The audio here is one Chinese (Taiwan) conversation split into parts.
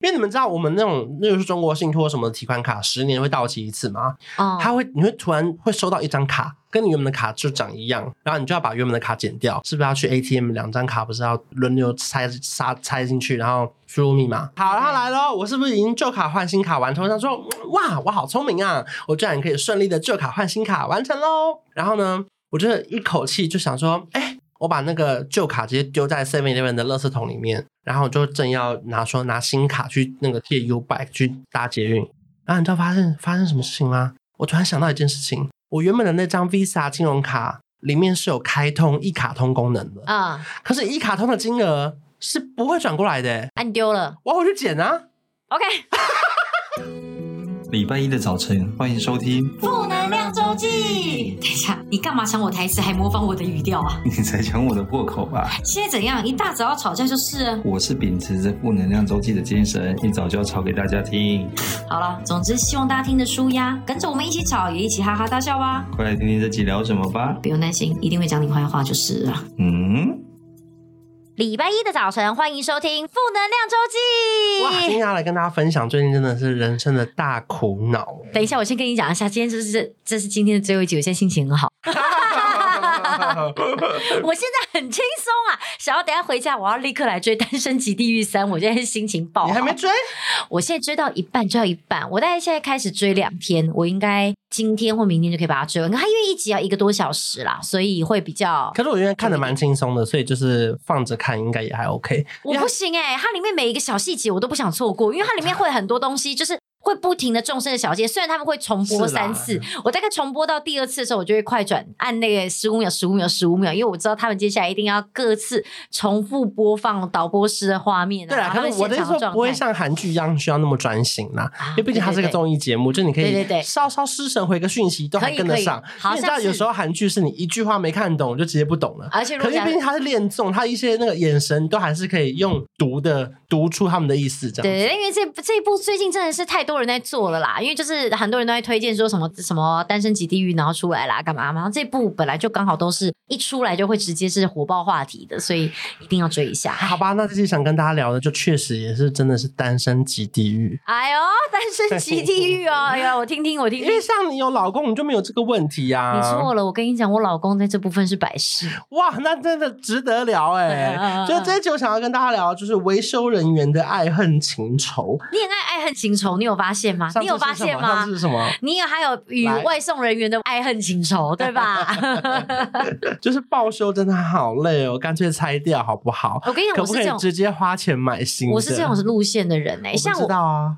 因為你們知道我們那種，那就是中國信托什麼的提款卡，十年會到期一次嘛？啊，他會，你會突然會收到一張卡，跟你原本的卡就長一樣，然後你就要把原本的卡剪掉，是不是要去 ATM 兩張卡不是要輪流拆插插進去，然後輸入密碼？Uh, 好，它來嘍！我是不是已經舊卡換新卡完成？想說，哇，我好聰明啊！我居然可以順利的舊卡換新卡完成嘍！然後呢，我就一口氣就想說，哎、欸，我把那個舊卡直接丟在 Seven Eleven 的垃圾桶裡面。然後我就正要拿說拿新卡去那個借 U bike 去搭捷運，然、啊、後你知道發生發生什麼事情嗎？我突然想到一件事情，我原本的那張 Visa 金融卡裡面是有開通一卡通功能的，啊、嗯，可是，一卡通的金額是不會轉過來的。按你丟了，我要回去撿啊。OK。 禮拜一的早晨，歡迎收聽。周記，等一下，你幹嘛搶我台詞還模仿我的語調啊？你才搶我的破口吧？現在怎樣？一大早要吵架就是。我是秉持着負能量周記的精神，一早就要吵給大家聽。好了，總之希望大家聽著舒壓呀，跟着我們一起吵，也一起哈哈大笑吧。快來聽聽這集聊什麼吧。不用擔心，一定會講你壞話就是了。嗯。禮拜一的早晨，歡迎收聽《負能量周記》。哇，今天要來跟大家分享，最近真的是人生的大苦惱。等一下，我先跟你講一下，今天就是這，這是今天的最後一集。我現在心情很好。 我現在很輕鬆啊！想要等下回家，我要立刻來追《單身即地獄三》。我現在心情爆好，你還沒追？我現在追到一半，追到一半。我大概現在開始追兩天，我應該今天或明天就可以把它追完。它因為一集要一個多小時啦，所以會比較。可是我覺得看得蠻輕鬆的，所以就是放着看應該也還 OK。我不行哎、欸，它裡面每一個小細節我都不想錯過，因為它裡面會有很多東西，就是。會不停的重申的小節，雖然他們會重播三次，我大概重播到第二次的時候，我就會快轉按那個十五秒、十五秒、十五秒、秒，因為我知道他們接下來一定要各自重複播放導播室的畫面。對啊，他們的是我的時候不會像韓劇一樣需要那麼專心啦，因為畢竟它是個綜藝節目，對對對，就你可以稍稍失神回個訊息都還跟得上。好，你知道有時候韓劇是你一句話沒看懂就直接不懂了，而且如果可是畢竟他是練重，他、嗯、一些那個眼神都還是可以用讀的、嗯、讀出他們的意思。這樣對、對、對、對，因為這這一部最近真的是太。很多人在做了啦，因為就是很多人都在推薦說什麼什麼單身即地獄，然後出來啦，幹嘛嘛，然後這部本來就剛好都是一出來就會直接是火爆話題的，所以一定要追一下。好吧，那這期想跟大家聊的，就確實也是真的是單身即地獄。哎呦，單身即地獄啊！獄啊哎呀，我聽聽，我聽聽。因為像你有老公，你就沒有這個問題呀、啊。你錯了，我跟你講，我老公在這部分是擺飾。哇，那真的值得聊哎、欸。就、啊、這期我想要跟大家聊，就是維修人員的愛恨情仇，戀愛愛恨情仇，你有？發現嗎？你有發現嗎？是什麼？你有還有與外送人員的愛恨情仇，對吧？ 就是報修真的好累哦，乾脆拆掉好不好？我跟你講，可不可以直接花錢買新？我是這種路線的人呢、欸，像我不知道啊。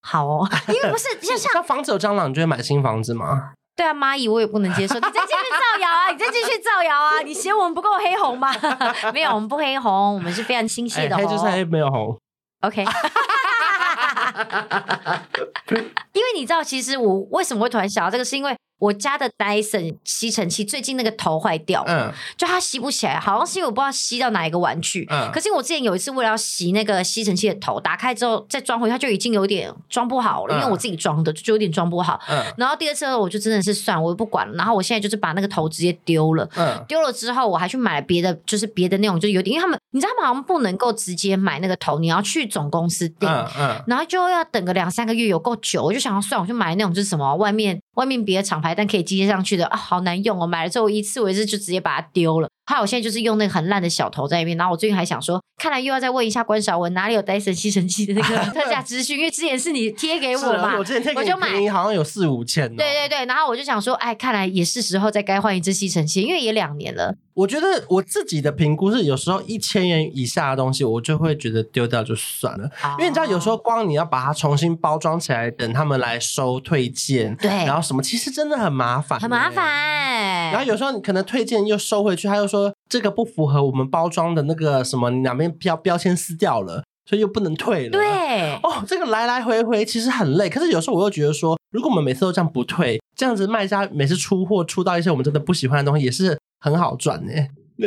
好哦， 因為不是像像，像房子有蟑螂，你就會買新房子嗎？對啊，螞蟻我也不能接受。你再繼續造謠啊？你再繼續造謠啊？ 你嫌我們不夠黑紅嗎？ 沒有，我們不黑紅，我們是非常清晰的紅，欸、黑就是黑沒有紅。OK。 哈哈哈哈哈！因為你知道，其實我為什麼會突然想要，這個是因為。我家的 Dyson 吸塵器最近那個頭壞掉了，嗯，就它吸不起來，好像是因為我不知道吸到哪一個玩具，嗯，可是我之前有一次為了要吸那個吸塵器的頭，打開之後再裝回去，它就已經有點裝不好了，嗯，因為我自己裝的就有點裝不好，嗯，然後第二次我就真的是算我不管了，然後我現在就是把那個頭直接丟了，丟，嗯、了之後我還去買別的，就是別的那種，就有點因為他們你知道嗎？他們好像不能夠直接買那個頭，你要去總公司訂，嗯嗯，然後就要等個兩三個月，有夠久，我就想要算，我就買那種就是什麼外面。外面別的廠牌，但可以接上去的啊，好難用哦！買了之後一次為止就直接把它丟了。怕、啊、我現在就是用那個很爛的小頭在那邊，然後我最近還想說，看來又要再問一下關韶文哪裡有戴森吸塵器的那個特價資訊，因為之前是你貼給我嘛， 啊、我之前貼給你我就買好像有四五千，喔。對對對，然後我就想說，哎，看來也是時候再該換一只吸塵器，因為也兩年了。我覺得我自己的評估是，有時候一千元以下的東西，我就會覺得丟掉就算了，oh. 因為你知道，有時候光你要把它重新包裝起來，等他們來收退件，對，然後什麼，其實真的很麻煩，欸，很麻煩。然後有時候你可能退件又收回去，他又說。這個不符合我們包裝的那個什麼，兩邊標標籤撕掉了，所以又不能退了。對，哦，這個來來回回其實很累，可是有時候我又覺得說，如果我們每次都這樣不退，這樣子賣家每次出貨出到一些我們真的不喜歡的東西，也是很好賺的。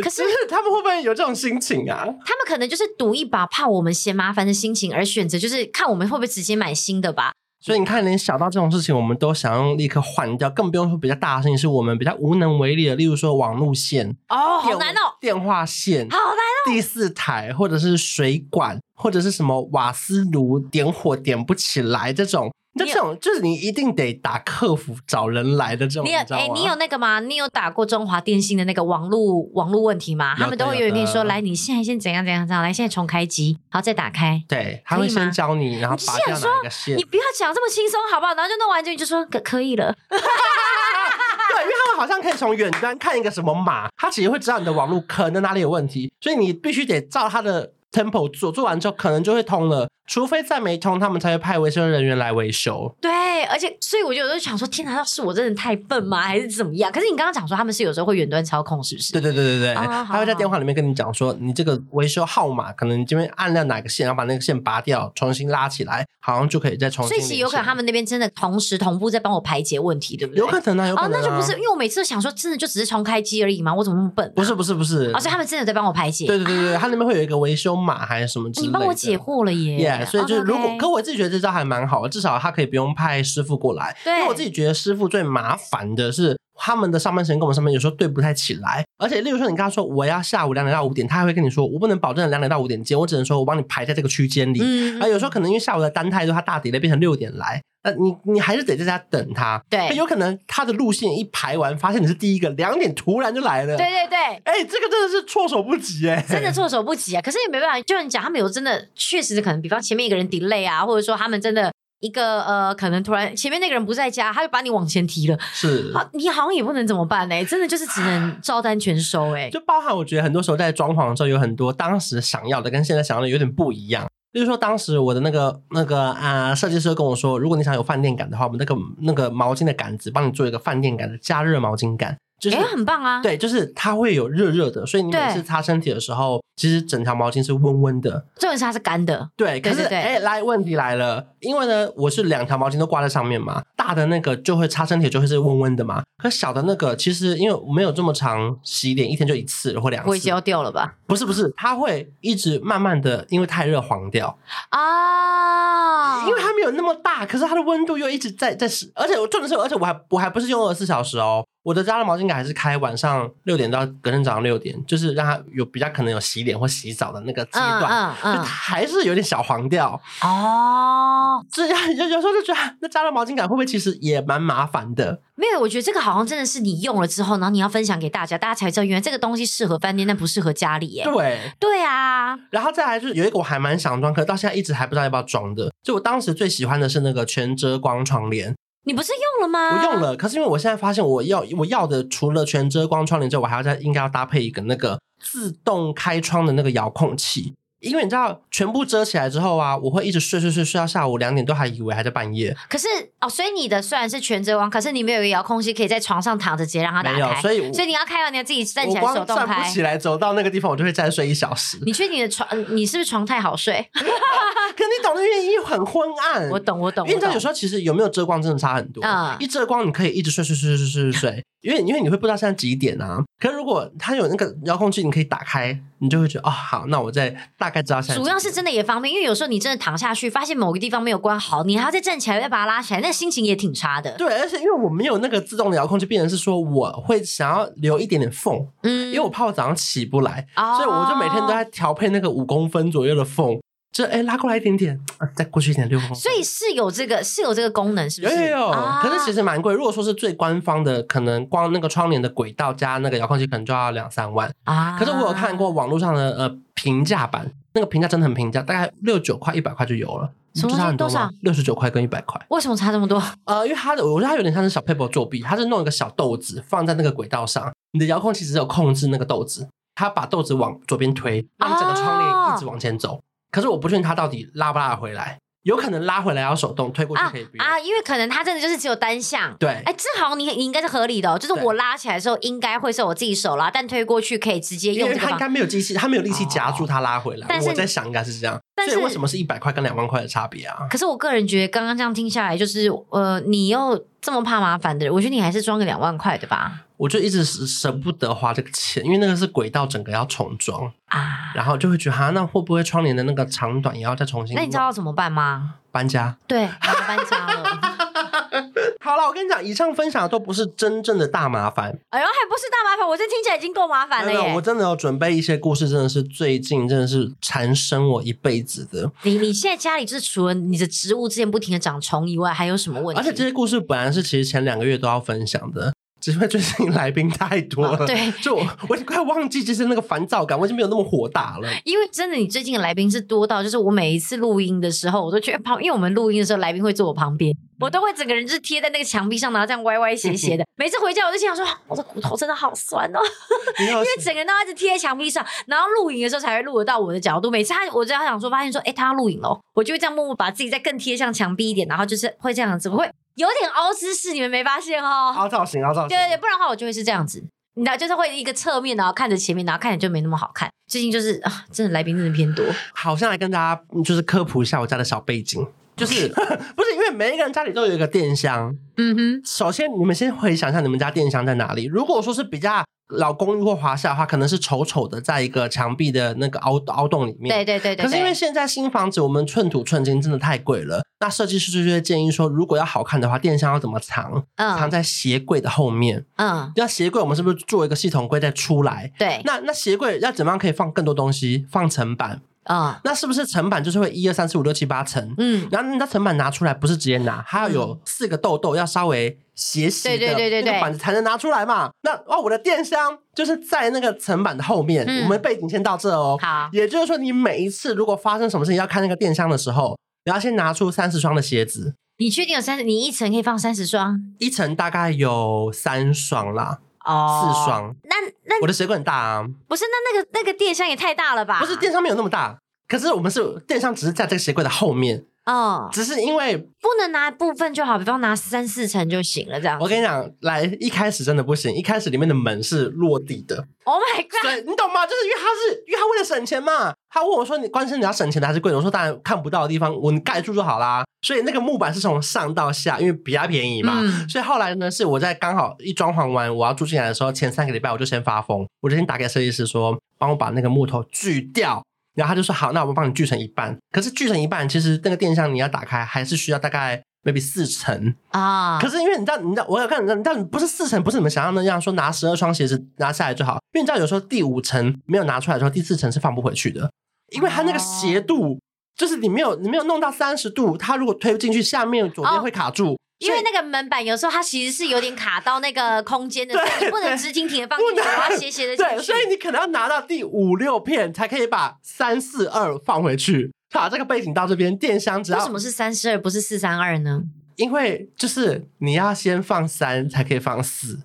可是,是他們會不會有這種心情啊？他們可能就是賭一把，怕我們嫌麻煩的心情而選擇，就是看我們會不會直接買新的吧。所以你看，連小到這種事情，我們都想要立刻換掉，更不用說比較大的事情是我們比較無能為力的，例如說網路線哦、oh，好難哦，電話線好難哦，第四台或者是水管或者是什麼瓦斯爐點火點不起來這種。就這種，就是你一定得打客服找人來的這種，你有知道嗎？欸、你有那個嗎？你有打過中華電信的那個網絡網絡問題嗎？有的有的，他們都會有人跟你說，來，你現在先怎樣怎樣怎樣，來，現在重開機，好，再打開。對，他會先教你，然後你先說，你不要講這麼輕鬆，好不好？然後就弄完之後你就說可可以了。 對，因為他們好像可以從遠端看一個什麼碼，他其實會知道你的網絡可能哪裡有問題，所以你必須得照他的 tempo 做，做完之後可能就會通了。除非再沒通，他們才會派維修人員來維修。對，而且所以我就有時候想說，天啊，難道是我真的太笨嗎？還是怎麼樣？可是你剛剛講說他們是有時候會遠端操控，是不是？對對對對對，他、哦、會在電話裡面跟你講說，哦、你這個維修號碼可能你這邊按了哪個線，然後把那個線拔掉，重新拉起來，好像就可以再重新。所以其實有可能他們那邊真的同時同步在幫我排解問題，對不對？有可能啊，有可能、啊。哦，那就不是，因為我每次都想說，真的就只是重開機而已嘛，我怎麼那麼笨、啊？不是不是不是，而、哦、且他們真的在幫我排解。對對對對，啊、他那邊會有一個維修碼還是什麼之類的？你幫我解惑了耶。Yeah, 所以就如果、okay, okay. 可我自己覺得這招還蠻好，至少他可以不用派師傅過來，對，因為我自己覺得師傅最麻煩的是。他們的上班時間跟我們上班有時候對不太起來，而且例如說你跟他說我要下午兩點到五點，他還會跟你說我不能保證兩點到五點間，我只能說我幫你排在這個區間裡。嗯，嗯，啊，有時候可能因為下午的單太多，他大 delay 變成六點來，那你你還是得在家等他。對，有可能他的路線一排完，發現你是第一個，兩點突然就來了。對對對，哎、欸，這個真的是措手不及哎、欸，真的措手不及啊！可是也沒辦法，就像你講，他們有真的確實可能，比方前面一個人 delay 啊，或者說他們真的。一個呃，可能突然前面那個人不在家，他就把你往前提了。是啊，你好像也不能怎麼辦呢、欸。真的就是只能照單全收哎、欸。 就包含我覺得很多時候在裝潢的時候，有很多當時想要的跟現在想要的有點不一樣。比如說當時我的那個那個啊，呃，設計師跟我說，如果你想有飯店感的話，我們那個那個毛巾的杆子幫你做一個飯店感的加熱毛巾杆。哎，很棒啊！對，就是它會有熱熱的，所以你每次擦身體的時候，其實整條毛巾是溫溫的。重點是它是乾的，對，可是哎、欸，來問題來了，因為呢，我是兩條毛巾都掛在上面嘛，大的那個就會擦身體就會是溫溫的嘛，可小的那個其實因為沒有這麼長，洗臉一天就一次或兩次要掉了吧？不是不是，它會一直慢慢的，因為太熱黃掉啊，因為它沒有那麼大，可是它的溫度又一直在在，而且我重點是，而且我還我還不是用二十四小時哦。我的加熱毛巾桿還是開，晚上六點到隔天早上六點，就是讓它有比較可能有洗臉或洗澡的那個階段，就、嗯嗯嗯、還是有點小黃調哦。這樣，有有時候就覺得那加熱毛巾桿會不會其實也蠻麻煩的？沒有，我覺得這個好像真的是你用了之後，然後你要分享給大家，大家才知道原來這個東西適合飯店，但不適合家裡耶。對，對啊。然後再來就是有一個我還蠻想裝，可是到現在一直還不知道要不要裝的。就我當時最喜歡的是那個全遮光窗簾。你不是用了嗎？不用了，可是因為我現在發現，我要我要的除了全遮光窗簾之外，我還要再應該要搭配一個那個自動開窗的那個遙控器。因為你知道，全部遮起來之後啊，我會一直睡睡睡睡到下午兩點，都還以為還在半夜。可是哦，所以你的雖然是全遮光，可是你沒有一個遙控器可以在床上躺着直接讓它打開。沒有，所以所以你要開完你要自己站起來手動開。不起來走到那個地方，我就會再睡一小時。你確定你的床你是不是床太好睡？ 啊、可你懂的原因很昏暗。我懂，我懂。因為你知道有時候其實有沒有遮光真的差很多啊！一遮光你可以一直睡睡睡睡睡睡睡。 因為因為你會不知道現在幾點啊？可是如果它有那個遙控器，你可以打開，你就會覺得哦，好，那我再大概知道現在。主要是真的也方便，因為有時候你真的躺下去，發現某個地方沒有關好，你還要再站起來再把它拉起來，那個心情也挺差的。對，而且因為我沒有那個自動的遙控器，變成是說我會想要留一點點縫，嗯，因為我怕我早上起不來，所以我就每天都在調配那個五公分左右的縫。這哎、欸、拉過來一點點，再過去一點，六。所以是有這個，是有這個功能，是不是？有呦、啊。可是其實蠻貴。如果說是最官方的，可能光那個窗簾的軌道加那個遙控器，可能就要兩三萬啊。可是我有看過網絡上的呃平價版，那個平價真的很平價，大概六九塊、一百塊就有了。是不是差很多？多少？六十九塊跟一百塊。為什麼差這麼多？呃，因為它的，我覺得它有點像是小撇步作弊，它是弄一個小豆子放在那個軌道上，你的遙控器只有控制那個豆子，它把豆子往左邊推，讓整個窗簾一直往前走。啊可是我不確定他到底拉不拉得回來，有可能拉回來要手動推過去可以啊,啊，因為可能他真的就是只有單向。對，哎、欸，志豪你你應該是合理的、喔，就是我拉起來的時候應該會是我自己手拉，但推過去可以直接用。因為他應該沒有機器，他沒有力氣夾住它拉回來、哦但。我在想應該是這樣但是，所以為什麼是一百塊跟兩萬塊的差別啊？可是我個人覺得剛剛這樣聽下來，就是呃，你又這麼怕麻煩的，人，我覺得你還是裝個兩萬塊對吧。我就一直捨不得花這個錢，因為那個是軌道整個要重裝啊，然後就會覺得哈、啊，那會不會窗簾的那個長短也要再重新？那你知道要怎麼辦嗎？搬家。對，好搬家了。 好了，我跟你講，以上分享的都不是真正的大麻煩。哎呦，還不是大麻煩，我這聽起來已經夠麻煩了耶！哎、我真的要準備一些故事，真的是最近真的是纏身我一輩子的。你你現在家裡就是除了你的植物之間不停的長蟲以外，還有什麼問題？而且這些故事本來是其實前兩個月都要分享的。只是因為最近來賓太多了、啊，對，就我已經快忘記就是那個煩躁感，我已經沒有那麼火大了。因為真的，你最近的來賓是多到，就是我每一次錄音的時候，我都覺得旁，因為我們錄音的時候來賓會坐我旁邊、嗯，我都會整個人就是貼在那個牆壁上，然後這樣歪歪斜斜的。嗯、每次回家，我就心想說，我的骨頭真的好酸哦，酸 因為整個人都一直貼在牆壁上。然後錄影的時候才會錄得到我的角度。每次他，我只要想說，發現說，哎、欸，他要錄影了，我就會這樣默默把自己再更貼向牆壁一點，然後就是會這樣，子，不會？有點凹姿勢，你們沒發現哦、喔？凹造型，凹造型。對對對，不然的話我就會是這樣子，那就是會一個側面，然後看着前面，然後看起來就沒那麼好看。最近就是啊，真的來賓真的偏多。好像來跟大家就是科普一下我家的小背景，就是 不是因為每一個人家裡都有一個電箱？嗯哼。首先，你們先回想一下你們家電箱在哪裡？如果說是比較。老公寓或華廈的話，可能是醜醜的，在一個牆壁的那個凹凹洞裡面。對對對。可是因為現在新房子，我們寸土寸金，真的太貴了。那設計師就會建議說，如果要好看的話，電箱要怎麼藏？藏在鞋櫃的後面。嗯，那鞋櫃我們是不是做一個系統櫃再出來？對。那那鞋櫃要怎麼樣可以放更多東西？放層板。啊。那是不是層板就是會一二三四五六七八層？嗯。然後那層板拿出來不是直接拿，它要有四個豆豆，要稍微。鞋型的板子才能拿出來嘛？對對對對對對。那哦，我的電箱就是在那個層板的後面，嗯。我們背景先到這哦。好，也就是說，你每一次如果發生什麼事情要看那個電箱的時候，你要先拿出三十雙的鞋子。你確定有三？你一層可以放三十雙？一層大概有三雙啦，哦、oh，四雙。那那我的鞋櫃很大，啊。不是？那那個那個電箱也太大了吧？不是，電箱沒有那麼大，可是我們是電箱，只是在這個鞋櫃的後面。哦，只是因為、嗯、不能拿一部分就好，比方拿三四層就行了，這樣。我跟你講，來一開始真的不行，一開始裡面的門是落地的。Oh my god！你懂嗎？就是因為他是，因為他為了省錢嘛。他問我說：“你關心你要省錢的還是貴的？”我說：“當然看不到的地方，我蓋住就好啦。”所以那個木板是從上到下，因為比較便宜嘛。嗯、所以後來呢，是我在剛好一裝潢完我要住進來的時候，前三個禮拜我就先發瘋，我就先打給設計師說：“幫我把那個木頭鋸掉。”然後他就說好，那我們幫你鋸成一半。可是鋸成一半，其實那個電箱你要打開，還是需要大概 maybe 四層啊。可是因為你知道，你知道，我要看你知道，但不是四層，不是你們想象的那樣，說拿十二雙鞋子拿下來就好。因為你知道，有時候第五層沒有拿出來的時候，第四層是放不回去的，因為它那個斜度，就是你沒有你沒有弄到三十度，它如果推不進去，下面左邊會卡住。哦。因為那個門板有時候它其實是有點卡到那個空間的，所以你不能直挺挺的放進去，你要斜斜的。對，所以你可能要拿到第五六片，才可以把三四二放回去，把這個背景到這邊。電箱只要為什麼是三四二不是四三二呢？因為就是你要先放三才可以放四，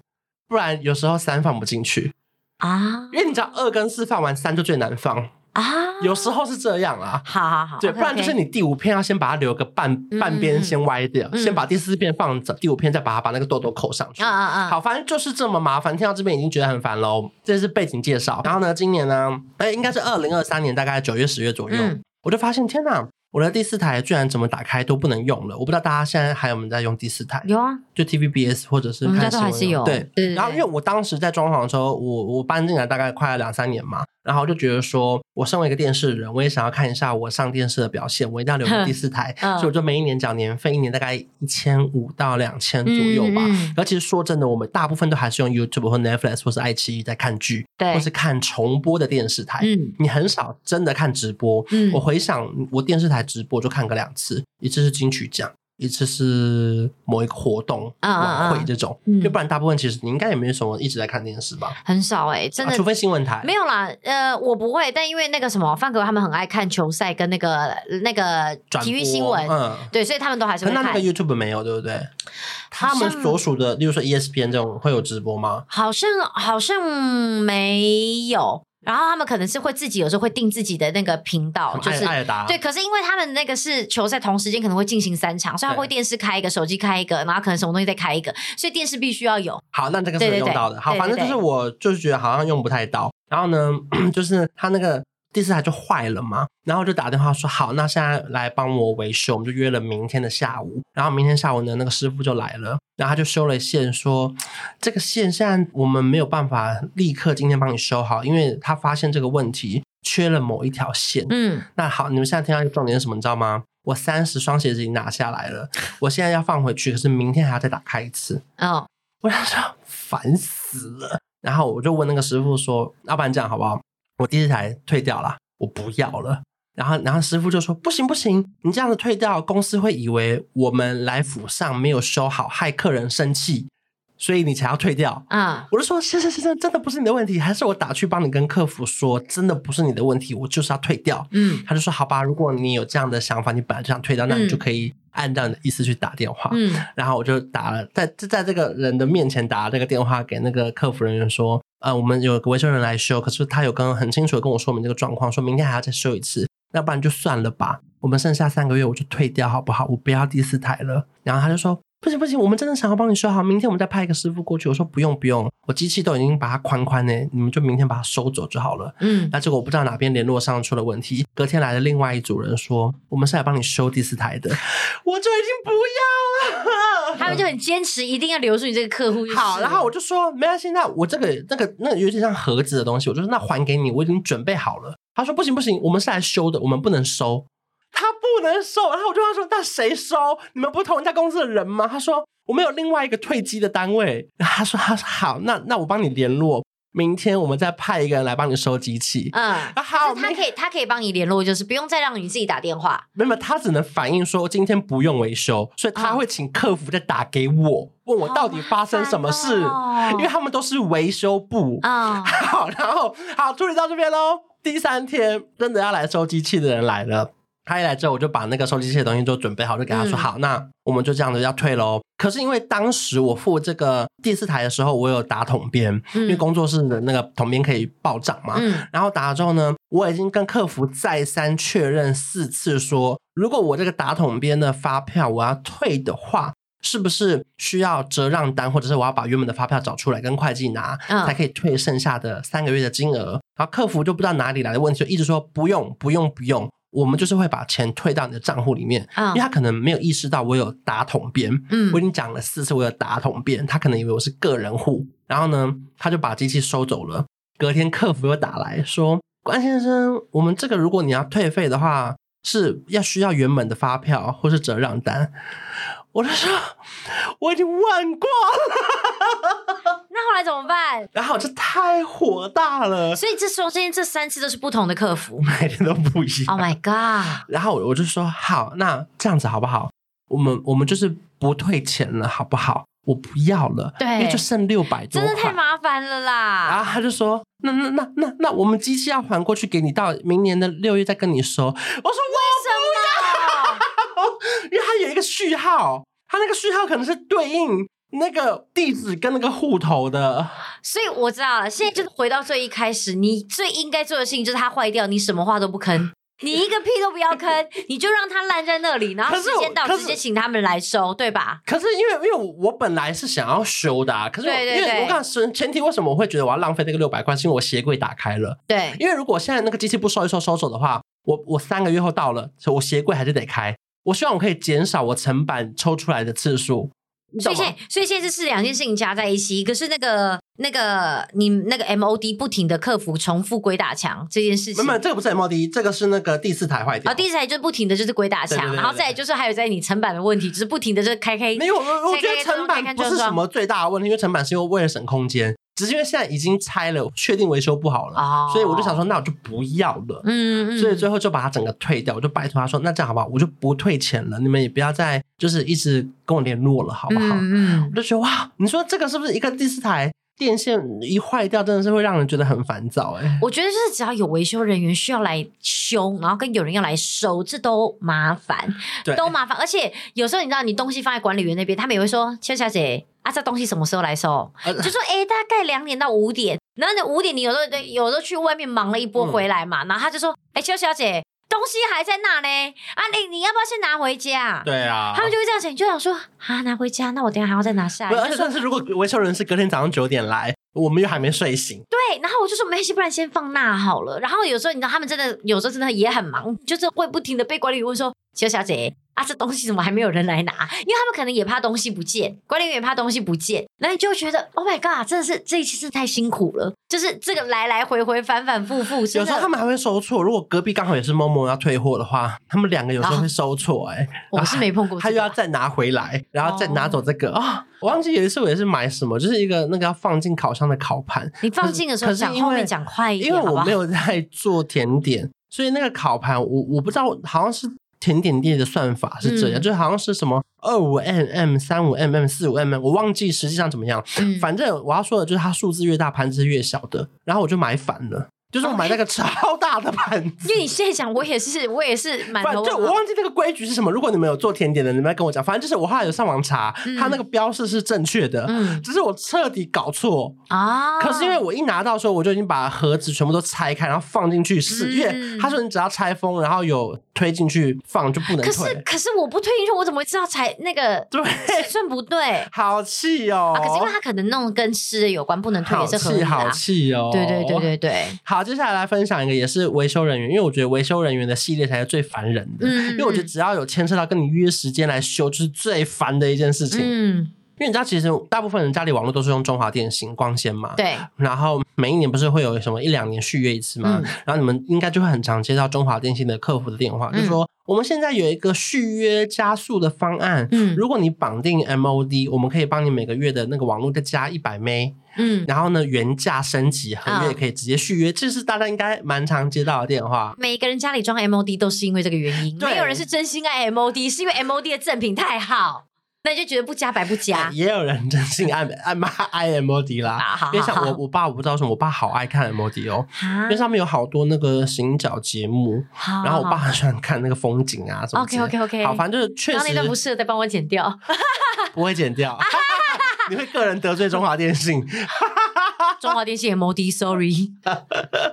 不然有時候三放不進去啊，因為你只要二跟四放完，三就最難放。啊，有時候是這樣啊，好好好，對，okay, 不然就是你第五片要先把它留個半、嗯、半邊先歪掉、嗯，先把第四片放着，第五片再把它把那個痘痘扣上去。啊啊啊，好，反正就是這麼麻煩。聽到這邊已經覺得很煩嘍。這是背景介紹。然後呢，今年呢，哎、欸，應該是二零二三年，大概九月十月左右、嗯，我就發現天哪，我的第四台居然怎麼打開都不能用了。我不知道大家現在還有沒有在用第四台？有啊，就 TVBS 或者是看新聞、嗯嗯。都還是有。對，然後因為我當時在裝潢的時候，我我搬進來大概快要兩三年嘛。然後就覺得說，我身為一個電視人，我也想要看一下我上電視的表現，我一定要留個第四台，所以我就每一年繳年費，一年大概一千五到兩千左右吧。嗯。嗯，而其實說真的，我們大部分都還是用 YouTube 或 Netflix 或是愛奇藝在看劇，或是看重播的電視台，你很少真的看直播。我回想，我電視台直播就看個兩次，一次是金曲獎。一次是某一個活動晚會，嗯啊啊、這種，嗯、因為不然大部分其實你應該也沒什麼一直在看電視吧？很少誒、欸，真的，啊、除非新聞台沒有啦。呃，我不會，但因為那個什麼，范哥他們很愛看球賽跟那個那個體育新聞，嗯，對，所以他們都還是會看。那那個 YouTube 沒有，對不對？他們所屬的，例如說 ESPN 這種，會有直播嗎？好像好像沒有。然後他們可能是會自己有時候會定自己的那個頻道，就是愛爾達。對，可是因為他們那個是球賽同時間可能會進行三場，所以他會電視開一個，手機開一個，然後可能什麼東西再開一個，所以電視必須要有。好，那這個是用到的。好，反正就是我就是覺得好像用不太到。然後呢，就是他那個。第四台就壞了嘛，然後就打電話說好，那現在來幫我維修，我們就約了明天的下午。然後明天下午呢，那個師傅就來了，然後他就修了線說，說這個線現在我們沒有辦法立刻今天幫你修好，因為他發現這個問題缺了某一條線。嗯，那好，你們現在聽到一個重點是什麼，你知道嗎？我三十雙鞋子已經拿下來了，我現在要放回去，可是明天還要再打開一次。哦，我想說煩死了。然後我就問那個師傅說，要、啊、不然這樣好不好？我第四台退掉了，我不要了。然後，然後師傅就說：“不行，不行，你這樣子退掉，公司會以為我們來府上沒有修好，嗯、害客人生氣，所以你才要退掉。”啊，我就說：“行行行，是，真的不是你的問題，還是我打去幫你跟客服說，真的不是你的問題，我就是要退掉。”嗯，他就說：“好吧，如果你有這樣的想法，你本來就想退掉，那你就可以按照你的意思去打電話。”嗯，然後我就打了，在就在這個人的面前打了這個電話給那個客服人員說。呃，我們有個維修人來修，可是他有跟很清楚地跟我說明這個狀況，說明天還要再修一次，要不然就算了吧，我們剩下三個月我就退掉，好不好？我不要第四台了。然後他就說。不行不行，我們真的想要幫你修好，明天我們再派一個師傅過去。我說不用不用，我機器都已經把它寬寬的，你們就明天把它收走就好了。嗯，那這個我不知道哪邊聯絡上出了問題，隔天來的另外一組人說，我們是來幫你修第四台的。 我就已經不要了， 他們就很堅持，一定要留住你這個客戶。好，然後我就說沒關係，那我這個那個那個有點像盒子的東西，我就說那還給你，我已經準備好了。他說不行不行，我們是來修的，我們不能收。他不能收，然後我就問他說那誰收？你們不是同一家公司的人嗎？他說我們有另外一個退機的單位。他說他說好，那那我幫你聯絡，明天我們再派一個人來幫你收機器。嗯，然後，他可以他可以幫你聯絡，就是不用再讓你自己打電話。沒有，他只能反映說今天不用維修，所以他會請客服再打給我，問我到底發生什麼事，嗯、因為他們都是維修部。嗯、好，然後好處理到這邊嘍。第三天，真的要來收機器的人來了。他一來之後，我就把那個收集這些東西都準備好，就給他說：“好，那我們就這樣子要退嘍。”可是因為當時我付這個第四台的時候，我有打統編，因為工作室的那個統編可以報帳嘛。然後打了之後呢，我已經跟客服再三確認四次，說如果我這個打統編的發票我要退的話，是不是需要折讓單，或者是我要把原本的發票找出來跟會計拿，才可以退剩下的三個月的金額？然後客服就不知道哪裡來的問題，就一直說不用，不用，不用。我們就是會把錢退到你的賬戶裡面，oh. 因為他可能沒有意識到我有打統編。嗯，我已經講了四次我有打統編，他可能以為我是個人戶，然後呢，他就把機器收走了。隔天客服又打來說，關先生，我們這個如果你要退費的話，是要需要原本的發票或是折讓單。我就說，我已經問過了。 那後來怎麼辦？然後我就太火大了，所以這說今天這三次都是不同的客服，每天都不一樣。Oh my god！然後我就說好，那這樣子好不好？我們我們就是不退錢了，好不好？我不要了，對，因為就剩六百多，真的太麻煩了啦。然後他就說那那那那那我們機器要還過去給你，到明年的六月再跟你說。我說我不要，為什麼？ 因為他有一個序號，他那個序號可能是對應。那個地址跟那個戶頭的，所以我知道了。現在就是回到最一開始，你最應該做的事情就是它壞掉，你什麼話都不吭。你一個屁都不要吭， 你就讓它爛在那裡，然後時間到，直接請他們來收，對吧？可是因為因為我本來是想要修的啊，可是我，對對對，因為我剛剛前提為什麼我會覺得我要浪費那個六百塊，是因為我鞋櫃打開了。對，因為如果現在那個機器不收一收收走的話，我我三個月後到了，所以我鞋櫃還是得開。我希望我可以減少我層板抽出來的次數。所以現，所以現在，以現在這是兩件事情加在一起，可是那個、那個你那個 MOD 不停的克服重複鬼打牆這件事情，沒有，這個不是 MOD，這個是那個第四台壞掉的，啊、哦，第四台就是不停的就是鬼打牆，然後再來就是還有在你層板的問題，只、就是是，就是不停的就開開，沒有，我我覺得層板不是什麼最大的問題，因為層板是因為為了省空間。只是因為現在已經拆了，確定維修不好了，oh. 所以我就想說，那我就不要了。嗯、mm -hmm.，所以最後就把它整個退掉。我就拜托他說，那這樣好不好？我就不退錢了，你們也不要再就是一直跟我聯絡了，好不好？嗯、mm -hmm.，我就覺得哇，你說這個是不是一個第四台？電線一壞掉，真的是會讓人覺得很煩躁哎、欸。我覺得就是只要有維修人員需要來修，然後跟有人要來收，這都麻煩，對，都麻煩。而且有時候你知道，你東西放在管理員那邊，他們也會說：“邱小姐啊，這東西什麼時候來收？”呃、就說：“誒、欸、大概兩點到五點。”然後那五點你有時候有時候去外面忙了一波回來嘛，嗯、然後他就說：“哎、欸，邱小姐。”東西還在那呢。啊，你你要不要先拿回家？對啊。他們就會這樣想，你就想說啊，拿回家，那我等一下還要再拿下來。而且但是如果維修人是隔天早上九點來、嗯，我們又還沒睡醒，對。然後我就說沒事，不然先放那好了。然後有時候你知道，他們真的有時候真的也很忙，就是會不停的被管理員問說。邱小姐啊，這東西怎麼還沒有人來拿？因為他們可能也怕東西不見，管理員也怕東西不見，那你就覺得 Oh my God，真的是這一期是太辛苦了。就是這個來來回回、反反复复，有時候他們還會收錯。如果隔壁剛好也是默默要退貨的話，他們兩個有時候會收錯、欸。哎、哦，我、啊哦、是沒碰過，他又要再拿回來，然後再拿走這個哦，哦，我忘記有一次我也是買什麼，就是一個那個要放進烤箱的烤盤。你放進的時候可是可是講後面講快一點，因為我沒有在做甜點，好好所以那個烤盤我我不知道，好像是。甜點店的算法，是這樣，嗯、就好像是什麼二五 mm、三五 mm、四五 mm，我忘記實際上怎麼樣。嗯、反正我要說的就是，它數字越大，盤子越小的。然後我就買反了。就是我買那個超大的盤子，okay， 因為你現在講，我也是，我也是買的對， 我忘記這個規矩是什麼。如果你們有做甜點的，你們要跟我講。反正就是我後來有上網查，嗯、它那個標示是正確的，嗯，只是我徹底搞錯。啊，可是因為我一拿到的時候，我就已經把盒子全部都拆開，然後放進去試。因為、嗯、他說你只要拆封，然後有推進去放就不能退。可是可是我不推進去，我怎麼會知道拆那個？對，尺寸不對，好氣哦、啊。可是因為它可能弄跟吃的有關，不能退也是合理，啊，好氣哦、啊！對對對對對，對。好，接下來來分享一個，也是維修人員，因為我覺得維修人員的系列才是最煩人的，嗯，因為我覺得只要有牽涉到跟你約時間來修，就是最煩的一件事情。嗯。因為你知道，其實大部分人家裡網絡都是用中華電信光纖嘛。對。然後每一年不是會有什麼一兩年續約一次嘛？嗯。然後你們應該就會很常接到中華電信的客服的電話，就是說，嗯、我們現在有一個續約加速的方案。嗯。如果你綁定 MOD，我們可以幫你每個月的那個網絡再加一百 Mbps，嗯。然後呢，原價升級合約也可以直接續約，這是大家應該蠻常接到的電話。嗯。每個人家裡裝 MOD 都是因為這個原因，沒有人是真心愛 MOD，是因為 MOD 的贈品太好。那就覺得不加白不加，嗯、也有人真心愛 愛罵愛 M O D 啦。別想我，我爸我不知道什麼，我爸好愛看 M O D 哦、喔，因為上面有好多那個行腳節目，然後我爸很喜歡看那個風景啊什麼。OK OK OK。好，反正就是確實。當你的不是，得再幫我剪掉。不會剪掉， 你會個人得罪中華電信。 中華電信 M O D，Sorry。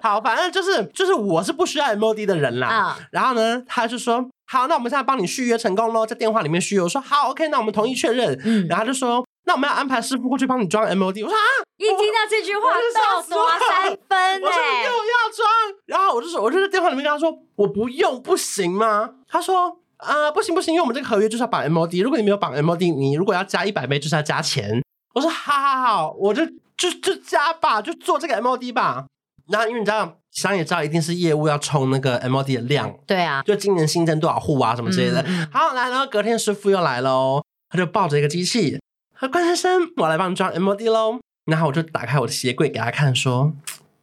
好，反正就是就是我是不需要 M O D 的人啦、哦。然後呢，他就說。好，那我們現在幫你續約成功嘍，在電話裡面續約。我說好，OK，那我們同意確認，嗯、然後他就說，那我們要安排師傅過去幫你裝 MOD。我說啊我，一聽到這句話就多三分嘞，又要裝，然後我就說，我就在電話裡面跟他說，我不用不行嗎？他說啊、呃、不行不行，因為我們這個合約就是要綁 MOD，如果你沒有綁 MOD，你如果要加一百倍就是要加錢。我說好好好，我就就就加吧，就做這個 MOD 吧。然後，因為你知道，商業照一定是業務要衝那個 MOD 的量，對啊，就今年新增多少戶啊，什麼之類的。嗯、好，來，然後隔天師傅又來了，他就抱着一個機器，關先生，我來幫你裝 MOD 嘍。然後我就打開我的鞋櫃給他看說，說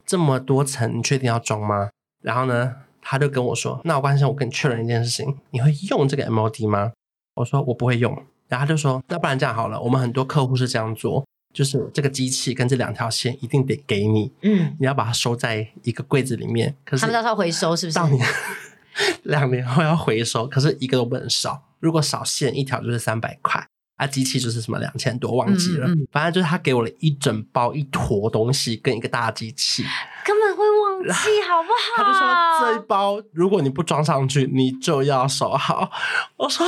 這麼多層，你確定要裝嗎？然後呢，他就跟我說，那我關先生，我跟你確認一件事情，你會用這個 MOD 嗎？我說我不會用。然後他就說，那不然這樣好了，我們很多客戶是這樣做。就是這個機器跟這兩條線一定得給你，嗯，你要把它收在一個櫃子裡面。可是他們到時候回收是不是？ 兩年後要回收，可是一個都不能少。如果少線一條就是三百塊，啊，機器就是什麼兩千多，忘記了，嗯嗯。反正就是他給我了一整包一坨東西跟一個大機器，根本會忘記好不好？他就說這一包如果你不裝上去，你就要收好。我說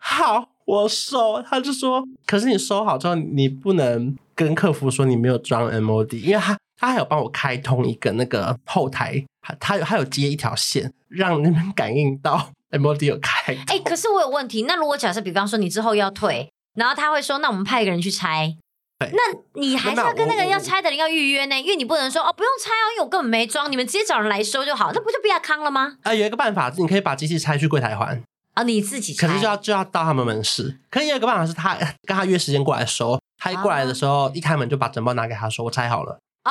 好。我收，他就說，可是你收好之後，你不能跟客服說你沒有裝 MOD，因為他他還有幫我開通一個那個後台，他他有接一條線，讓那邊感應到 MOD 有開。哎、欸，可是我有問題，那如果假設，比方說你之後要退，然後他會說，那我們派一個人去拆，那你還是要跟那個人要拆的人要預約呢，因為你不能說哦，不用拆啊、哦，因為我根本沒裝，你們直接找人來收就好，那不就比較坑了嗎？啊、呃，有一個辦法，你可以把機器拆去櫃台還。啊，你自己拆？可是就要就要到他們門市。可以有個辦法是，他跟他約時間過來收。他一過來的時候，oh, okay. 一開門就把整包拿給他說：“我拆好了。”哦哦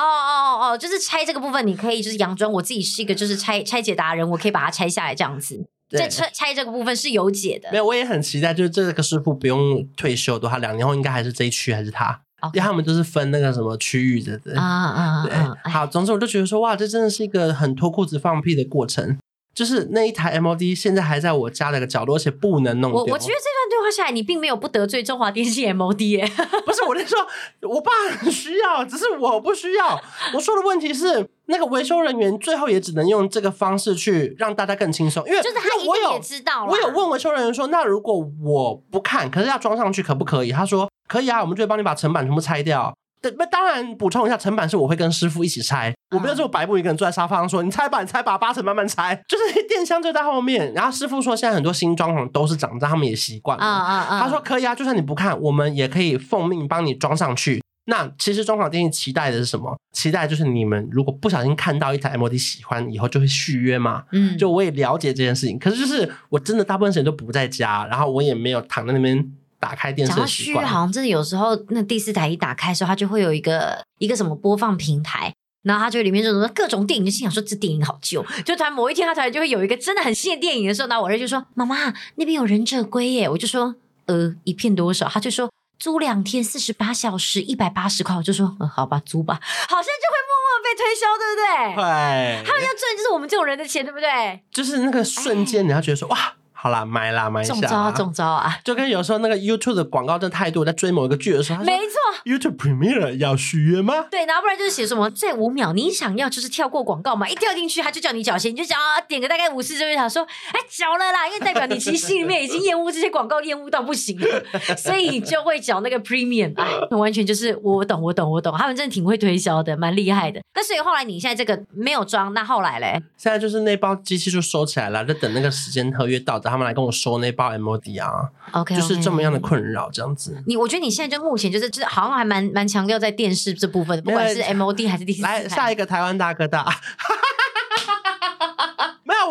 哦哦，就是拆這個部分，你可以就是佯裝我自己是一個就是拆拆解達人，我可以把它拆下來這樣子。對，拆拆這個部分是有解的。沒有，我也很期待，就是這個師傅不用退休的話，兩年後應該還是這一區，還是他。Okay. 因為他們就是分那個什麼區域的。啊啊啊！好，總之我就覺得說，哇，這真的是一個很脫褲子放屁的過程。就是那一台 MOD，現在還在我家的一個角落，而且不能弄。我我覺得這段對話下來，你並沒有不得罪中華電信 MOD 耶。 不是我跟你說，我爸很需要，只是我不需要。我說的問題是，那個維修人員最後也只能用這個方式去讓大家更輕鬆，因為就是他一定也知道。我有，我有問維修人員說，那如果我不看，可是要裝上去可不可以？他說可以啊，我們就會幫你把層板全部拆掉。那當然，補充一下，成本是我會跟師傅一起拆，uh -huh. 我沒有做白布一個人坐在沙發上說：“你拆吧，你拆吧，八成慢慢拆。”就是電箱就在後面。然後師傅說：“現在很多新裝潢都是長在他們也習慣了。Uh ” -uh -uh. 他說：“可以啊，就算你不看，我們也可以奉命幫你裝上去。”那其實裝潢店期待的是什麼？期待就是你們如果不小心看到一台 MOD 喜歡，以後就會續約嘛。嗯，就我也了解這件事情。可是就是我真的大部分時間都不在家，然後我也沒有躺在那邊。打開電視，講到虛，好像真的有時候那第四台一打開的時候，它就會有一個一個什麼播放平台，然後他就裡面就什麼各種電影，就心想說這電影好舊。就突然某一天，他突然就會有一個真的很新的電影的時候，那我兒子就說：“媽媽，那邊有忍者龜耶！”我就說：“呃，一片多少？”他就說：“租兩天四十八小時一百八十塊。”我就說：“嗯、呃，好吧，租吧。”好像就會默默被推銷，對不對？對他們要賺就是我們這種人的錢，對不對？就是那個瞬間，哎、你要覺得說：“哇！”好啦，買啦買啦，中招、啊、中招啊！就跟有時候那個 YouTube 的廣告的態度，在追某一個劇的時候，沒錯，YouTube Premiere 要續約嗎？對，要不然就是寫什麼這五秒你想要就是跳過廣告嘛，一跳進去他就叫你繳錢，你就講啊點個大概五十就會想說哎繳、欸、了啦，因為代表你其實心裡面已經厭惡這些廣告，厭惡到不行了， 所以你就會繳那個 Premium。哎，完全就是我懂我懂我懂，他們真的挺會推銷的，蠻厲害的。但是後來你現在這個沒有裝，那後來嘞？現在就是那包機器就收起來了，就等那個時間合約到。他們來跟我說那包 MOD 啊 okay, okay, okay，OK，就是這麼樣的困擾，這樣子。你我覺得你現在就目前就是就是好像還蠻蠻強調在電視這部分的，不管是 MOD 還是第四台。來下一個台灣大哥大。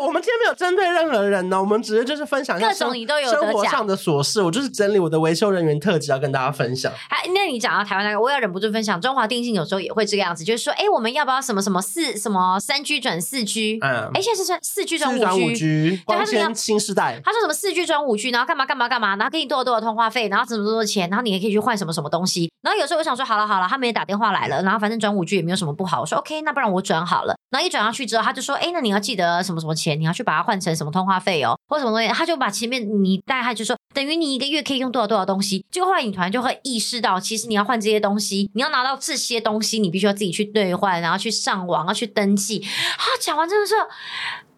我們今天沒有針對任何人呢，我們只是就是分享一下各種你都有講生活上的瑣事。我就是整理我的維修人員特輯，要跟大家分享。還、啊，那你講到台灣那個，我也忍不住分享。中華電信有時候也會這個樣子，就是說，哎，我們要不要什麼什麼四什麼，什麼三 G 轉四 G？嗯誒，現在是說四 G 轉五 G。G 五 G, 對，他是新新時代。他說什麼四 G 轉五 G，然後幹嘛幹嘛幹嘛，然後給你多少多少通話費，然後怎麼多少錢，然後你也可以去換什麼什麼東西。然後有時候我想說，好了好了，他們也打電話來了，然後反正轉 5G 也沒有什麼不好。我說 OK，那不然我轉好了。然後一轉上去之後，他就說，哎，那你要記得什麼什麼錢，你要去把它換成什麼通話費哦，或者什麼東西。他就把前面你帶他，就說等於你一個月可以用多少多少東西。結果後來你突然就會意識到，其實你要換這些東西，你要拿到這些東西，你必須要自己去兌換，然後去上網，要去登記。啊，講完這個事。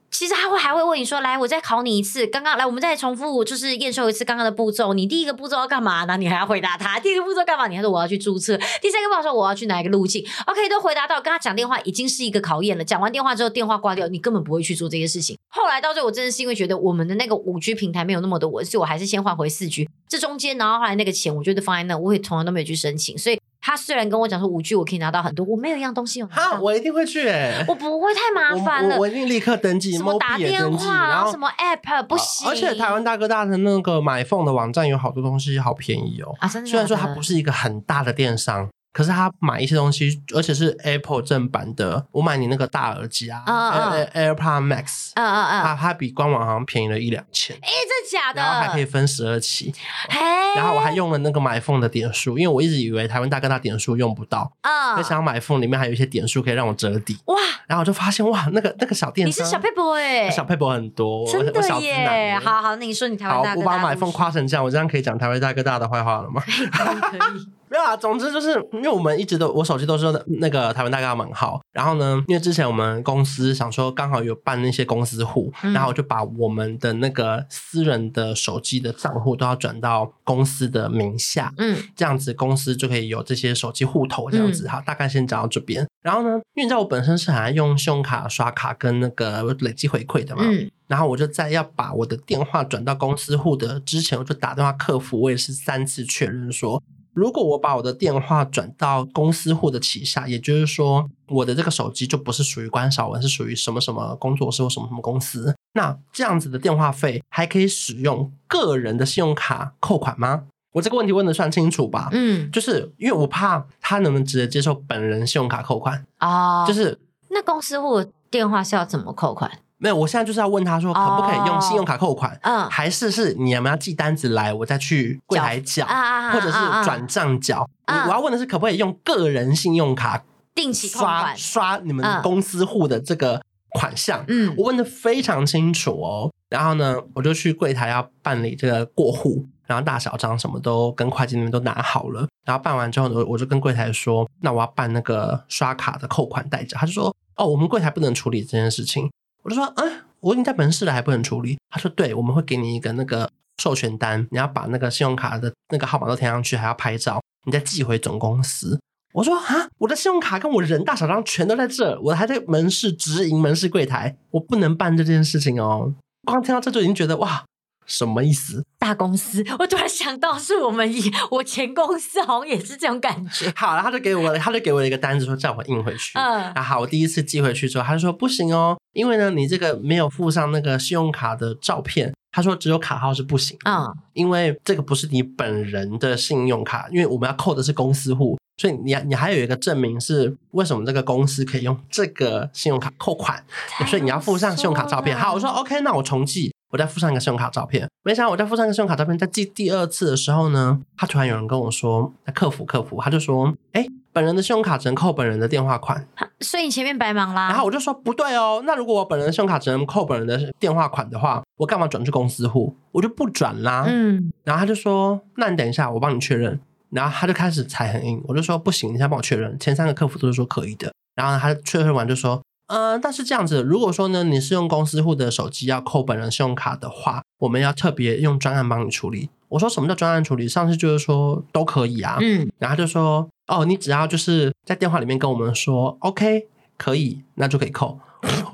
其實他會還會問你說，來，我再考你一次，剛剛來我們再重複，就是驗收一次剛剛的步驟。你第一個步驟要幹嘛呢？你還要回答他。第一個步驟幹嘛？你還說我要去注冊。第三個步驟說我要去哪一個路徑？OK，都回答到。跟他講電話已經是一個考驗了。講完電話之後，電話掛掉，你根本不會去做這些事情。後來到最後，我真的是因為覺得我們的那個五 G 平台沒有那麼多，我所以我還是先換回四 G。這中間，然後後來那個錢，我覺得放在那，我也從來都沒有去申請，所以。他雖然跟我講說 5G 我可以拿到很多，我沒有一樣東西有。好，我一定會去哎、欸，我不會太麻煩了我我，我一定立刻登記，什麼打電話，然後什麼 App 不行。啊、而且台灣大哥大的那個買 phone 的網站有好多東西好便宜哦，啊、真的的雖然說它不是一個很大的電商。可是他買一些東西，而且是 Apple 正版的。我買你那個大耳機啊、uh, uh,，AirPods Max，啊啊啊，它比官網好像便宜了一兩千。哎，這假的？然後還可以分十二期。Hey, 然後我還用了那個 myfone 的點數，因為我一直以為台灣大哥大點數用不到。嗯、uh,。想 myfone 裡面還有一些點數可以讓我折抵。哇！然後我就發現哇，那個那個小電商，你是小佩博哎、欸啊，小佩博很多，我真的耶小的。好好，那你說你台灣大哥大，我把我 myfone 誇成這樣，我這樣可以講台灣大哥大的壞話了嗎？可以可啊，總之就是因為我們一直都我手機都是那個台灣大哥大門號，然後呢，因為之前我們公司想說剛好有辦那些公司戶，然後我就把我們的那個私人的手機的賬戶都要轉到公司的名下，嗯，這樣子公司就可以有這些手機戶頭，這樣子哈。大概先講到這邊，然後呢，因為你知道我本身是還在用信用卡刷卡跟那個累積回饋的嘛，然後我就在要把我的電話轉到公司戶的之前，我就打電話客服，我也是三次確認說，如果我把我的電話轉到公司戶的旗下，也就是說我的這個手機就不是屬於關韶文，而是屬於什麼什麼工作室或什麼什麼公司，那這樣子的電話費還可以使用個人的信用卡扣款嗎？我這個問題問的算清楚吧？嗯，就是因為我怕他能不能直接接受本人信用卡扣款啊？哦？就是那公司戶的電話是要怎麼扣款？沒有，我現在就是要問他說，可不可以用信用卡扣款，哦嗯、還是是你要不要寄單子來，我再去櫃台繳、嗯嗯嗯，或者是轉賬繳？我我要問的是，可不可以用個人信用卡定期刷刷你們公司戶的這個款項？嗯，我問的非常清楚哦。然後呢，我就去櫃台要辦理這個過戶，然後大小章什麼都跟會計那邊都拿好了。然後辦完之後呢，我就跟櫃台說，那我要辦那個刷卡的扣款代繳。他就說，哦，我們櫃台不能處理這件事情。我就說啊，嗯，我已經在門市了，還不能處理。他說，對，我們會給你一個那個授權單，你要把那個信用卡的那個號碼都填上去，還要拍照，你再寄回總公司。我說啊，我的信用卡跟我人大小張全都在這兒，我還在門市直營門市櫃檯，我不能辦這件事情哦。光聽到這就已經覺得哇。什麼意思？大公司，我突然想到，是我們以我前公司好像也是這種感覺。 好了，他就給我，他就給我一個單子，說叫我印回去。嗯，然後我第一次寄回去之後，他就說不行哦，因為呢，你這個沒有附上那個信用卡的照片，他說只有卡號是不行。嗯，因為這個不是你本人的信用卡，因為我們要扣的是公司戶，所以你，你還有一個證明是為什麼這個公司可以用這個信用卡扣款，所以你要附上信用卡照片。好，我說 OK，那我重寄。我再附上一個信用卡照片，沒想到我再附上一個信用卡照片，在寄第二次的時候呢，他突然有人跟我說：“客服，客服。”他就說：“哎，本人的信用卡只能扣本人的電話款。”所以你前面白忙啦。然後我就說：“不對哦，那如果我本人的信用卡只能扣本人的電話款的話，我幹嘛轉去公司戶？我就不轉啦。”嗯。然後他就說：“那你等一下，我幫你確認。”然後他就開始踩很硬，我就說：“不行，你先幫我確認。”前三個客服都是說可以的。然後他確認完就說。嗯、呃，但是這樣子，如果說呢，你是用公司戶的手機要扣本人信用卡的話，我們要特別用專案幫你處理。我說什麼叫專案處理？上次就是說都可以啊，嗯，然後就說哦，你只要就是在電話裡面跟我們說，OK，可以，那就可以扣。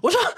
我說。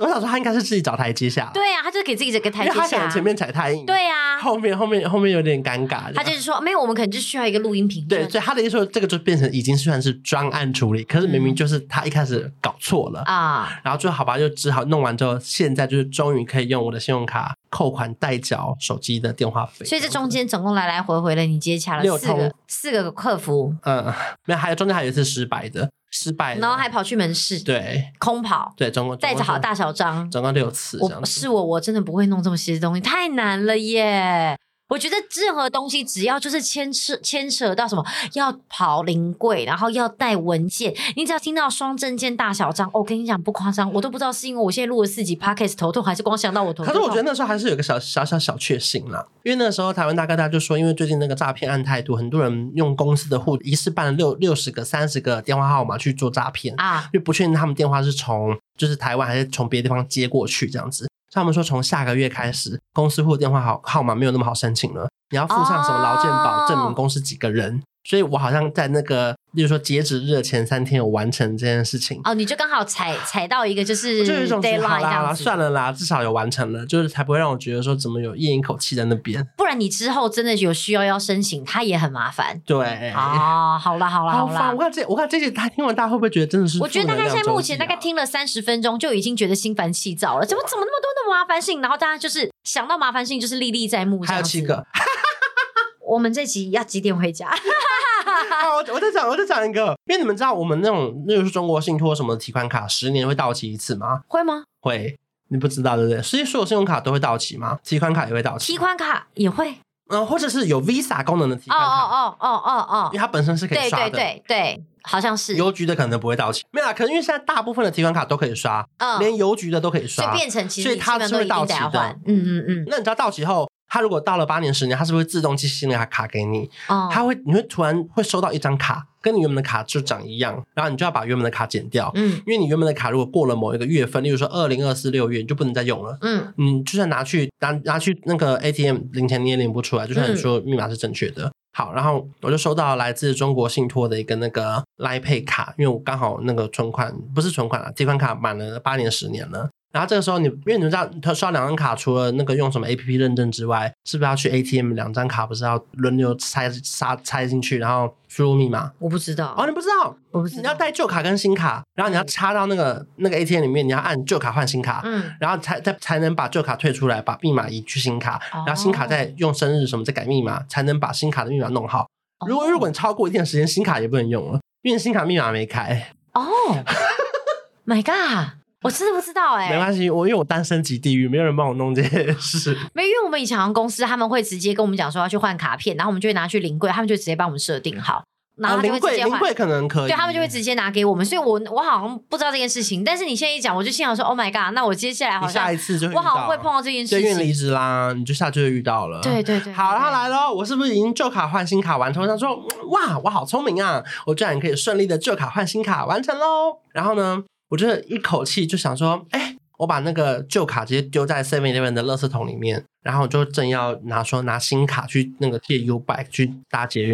我想說，他應該是自己找台階下。對呀、啊，他就給自己整個台階下。因為他想前面踩太硬。對呀、啊。後面後面後面有點尷尬。他就是說，沒有，我們可能就需要一個錄音平台。對，所以他的意思說，這個就變成已經算是專案處理，可是明明就是他一開始搞錯了啊、嗯。然後就好吧，就只好弄完之後，現在就是終於可以用我的信用卡扣款代繳，繳手機的電話費。所以這中間總共來來回回，回了，你接洽了四個四個客服。嗯，沒有，還有中間還有一次失敗的。失敗，然後還跑去門市，對，空跑，對，總共帶着好大小章，總共六次，我是我我真的不會弄這麼些東西，太難了耶。我覺得任何東西只要就是牽扯牽扯到什麼要跑臨櫃，然後要帶文件，你只要聽到雙證件大小章，我、哦、跟你講不誇張，我都不知道是因為我現在錄了四集 Podcast 頭痛，還是光想到我頭痛。可是我覺得那時候還是有個小小,小小小確幸啦，因為那時候台灣大哥大就說，因為最近那個詐騙案太多，很多人用公司的戶一次辦了六六十個、三十個電話號碼去做詐騙啊，因為不確定他們電話是從就是台灣還是從別的地方接過去這樣子。他們說，從下個月開始，公司戶的電話號號碼沒有那麼好申請了。你要附上什麼勞健保證明？公司幾個人？Oh. 所以我好像在那個，例如說截止日的前三天有完成這件事情哦，你就剛好踩踩到一個就是，就有一種好啦，好啦，算了啦，至了，至少有完成了，就是才不會讓我覺得說怎麼有咽一口氣在那邊。不然你之後真的有需要要申請，他也很麻煩。對，哦，好了好了好了，我看這我看這集他聽完大家會不會覺得真的是，啊？我覺得大家現在目前大概聽了三十分鐘就已經覺得心煩氣躁了，怎麼怎麼那麼多那麼麻煩事情？然後大家就是想到麻煩事情就是歷歷在目。還有七個， 我們這集要幾點回家？ 我 我再講我再講一個，因為你們知道我們那種，那就是中國信託什麼的提款卡，十年會到期一次嗎？會嗎？會，你不知道對不對？所以所有信用卡都會到期嗎？提款卡也會到期。提款卡也會。嗯，或者是有 Visa 功能的提款卡。哦哦哦哦哦哦。因為它本身是可以刷的。對對對對，好像是。郵局的可能不會到期，沒有啦，可能因為現在大部分的提款卡都可以刷，oh, 連郵局的都可以刷，所以，其所以它是會到期的。嗯嗯嗯。那你知道到期後。他如果到了八年十年，他是不是會自動寄新的卡給你？啊，他會，你會突然會收到一張卡，跟你原本的卡就長一樣，然後你就要把原本的卡剪掉。嗯，因為你原本的卡如果過了某一個月份，例如說二零二四六月，你就不能再用了。嗯，你就算拿去拿拿去那個 ATM 領錢，你也領不出來，就算你說密碼是正確的，嗯。好，然後我就收到來自中國信托的一個那個 LINE Pay 卡，因為我剛好那個存款不是存款啊，提款卡滿了八年十年了。然後這個時候你，因為你知道，他刷兩張卡，除了那個用什麼 A P P 認證之外，是不是要去 A T M 兩張卡不是要輪流插，插插進去，然後輸入密碼？我不知道哦，你不知道，我不知道。你要帶舊卡跟新卡，然後你要插到那個那個 A T M 裡面，你要按舊卡換新卡，嗯，然後才才能把舊卡退出來，把密碼移去新卡，然後新卡再用生日什麼再改密碼，才能把新卡的密碼弄好。如果如果你超過一定時間，新卡也不能用了，因為新卡密碼沒開哦 ，My God！我真的不，不知道哎、欸，沒關係，我因為我單身即地獄，沒有人幫我弄這些事。沒，因為我們以前公司他們會直接跟我們講說要去換卡片，然後我們就會拿去臨櫃，他們就直接幫我們設定好。拿去臨櫃，臨、啊、臨櫃可能可以。對，他們就會直接拿給我們，所以我我好像不知道這件事情。但是你現在一講，我就心想說，Oh my god！那我接下來好像，你下一次就會遇到我好像會碰到這件事情。就願離職啦，你就下去就會遇到了。對對對，對，對。好，他來嘍！我是不是已經舊卡換新卡完成？他說，哇，我好聰明啊！我居然可以順利的舊卡換新卡完成嘍。然後呢？我真的一口氣就想說，哎、欸，我把那個舊卡直接丟在 Seven Eleven 的垃圾桶裡面，然後我就正要拿說拿新卡去那個借 YouBike 去搭捷運，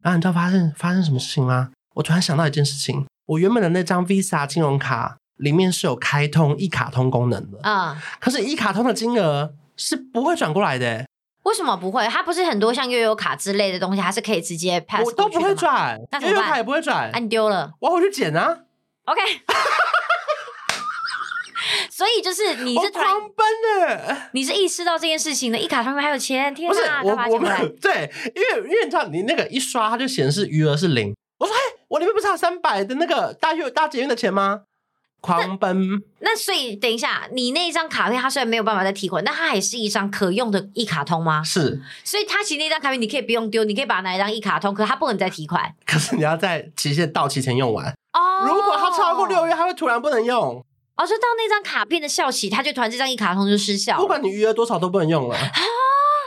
然、啊、後你知道發生發生什麼事情嗎？我突然想到一件事情，我原本的那張 Visa 金融卡裡面是有開通一、e、卡通功能的，啊、嗯，可是、e，一卡通的金額是不會轉過來的、欸，為什麼不會？它不是很多像悠遊卡之類的東西，它是可以直接 pass 我都不會轉，悠遊卡也不會轉，你、啊、丟了，我要回去撿啊。OK， 所以就是你是狂奔呢，你是意識到這件事情的，一卡上面還有錢，天吶，我我們對，因為因為你知道，你那個一刷，它就顯示餘額是零。我說，哎，我裡面不是還有三百的那個大月大結月的錢嗎？狂奔那，那所以等一下，你那張卡片它雖然沒有辦法再提款，但它還是一張可用的一卡通嗎？是，所以它其實那張卡片你可以不用丟，你可以把它拿一張一卡通，可是它不能再提款。可是你要在期限到期前用完哦。如果它超過六月，它會突然不能用。哦，就到那張卡片的效期，它就團這張一卡通就失效，不管你餘額多少都不能用了、啊。啊，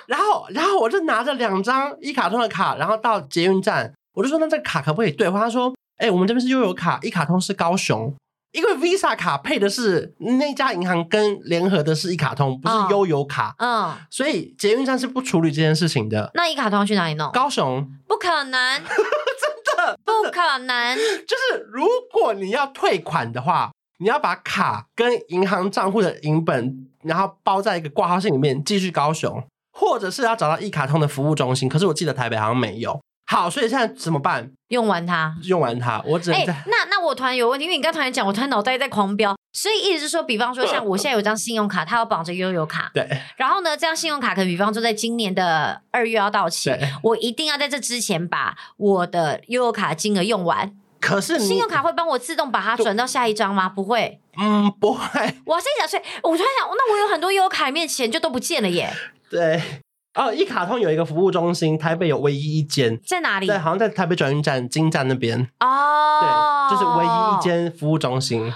然後然後我就拿着兩張一卡通的卡，然後到捷運站，我就說那這個卡可不可以兌換？他說：哎、欸，我們這邊是悠遊卡，一卡通是高雄。因為 Visa 卡，配的是那家銀行，跟聯合的是一卡通，不是悠遊卡嗯。嗯，所以捷運站是不處理這件事情的。那一卡通要去哪裡弄？高雄？不可能， 真的不可能。就是如果你要退款的話，你要把卡跟銀行賬戶的影本，然後包在一個掛號信裡面寄去高雄，或者是要找到一卡通的服務中心。可是我記得台北好像沒有。好，所以現在怎麼辦？用完它，用完它，我只能在、欸……那那我突然有問題，因為你剛突然講，我突然腦袋在狂飆，所以意思是說，比方說，像我現在有張信用卡，它有綁着悠遊卡，對。然後呢，這張信用卡可能比方說在今年的二月要到期，我一定要在這之前把我的悠遊卡的金額用完。可是信用卡會幫我自動把它轉到下一張嗎？不會，嗯，不會。我現在想說，我突然想，那我有很多悠遊卡裡面錢就都不見了耶？對。哦，一卡通有一個服務中心，台北有唯一一間，在哪裡？對，好像在台北轉運站京站那邊。哦，對，就是唯一一間服務中心。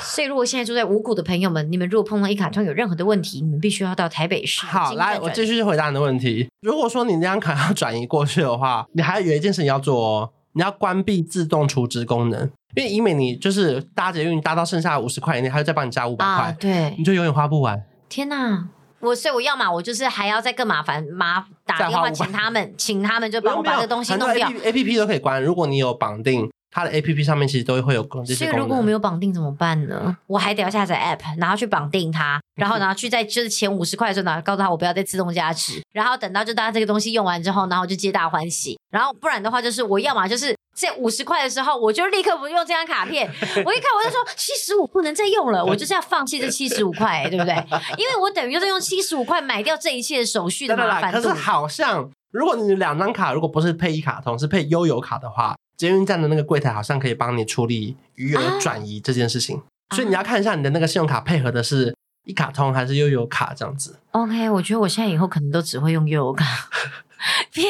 所以，如果現在住在五股的朋友們，你們如果碰到一卡通有任何的問題，你們必須要到台北市。好，來，我繼續回答你的問題。如果說你那張卡要轉移過去的話，你還有有一件事情要做哦，你要關閉自動儲值功能，因為因為你就是搭捷運搭到剩下五十塊，你還要再幫你加五百塊，對，你就永遠花不完。天哪，啊！我所以我要嘛，我就是還要再更麻煩，麻打電話請他們，請他們就幫我把這東西弄掉。A P P 都可以關，如果你有綁定它的 A P P 上面，其實都會有更新。所以如果我沒有綁定怎麼辦呢？我還得要下載 App，然後去綁定它，然後然後去在就是前五十塊的時候，然後告訴他我不要再自動加持，然後等到就大家這個東西用完之後，然後就皆大歡喜。然後不然的話，就是我要嘛，就是。這五十塊的時候，我就立刻不用這張卡片。我一看，我就說七十五不能再用了，我就是要放棄這七十五塊，欸，對不對？因為我等於在用七十五塊買掉這一切手續的麻煩。對對對。可是好像，如果你兩張卡如果不是配一卡通，是配悠遊卡的話，捷運站的那個櫃檯好像可以幫你處理餘額轉移這件事情，啊。所以你要看一下你的那個信用卡配合的是一卡通還是悠遊卡這樣子。OK，我覺得我現在以後可能都只會用悠遊卡，偏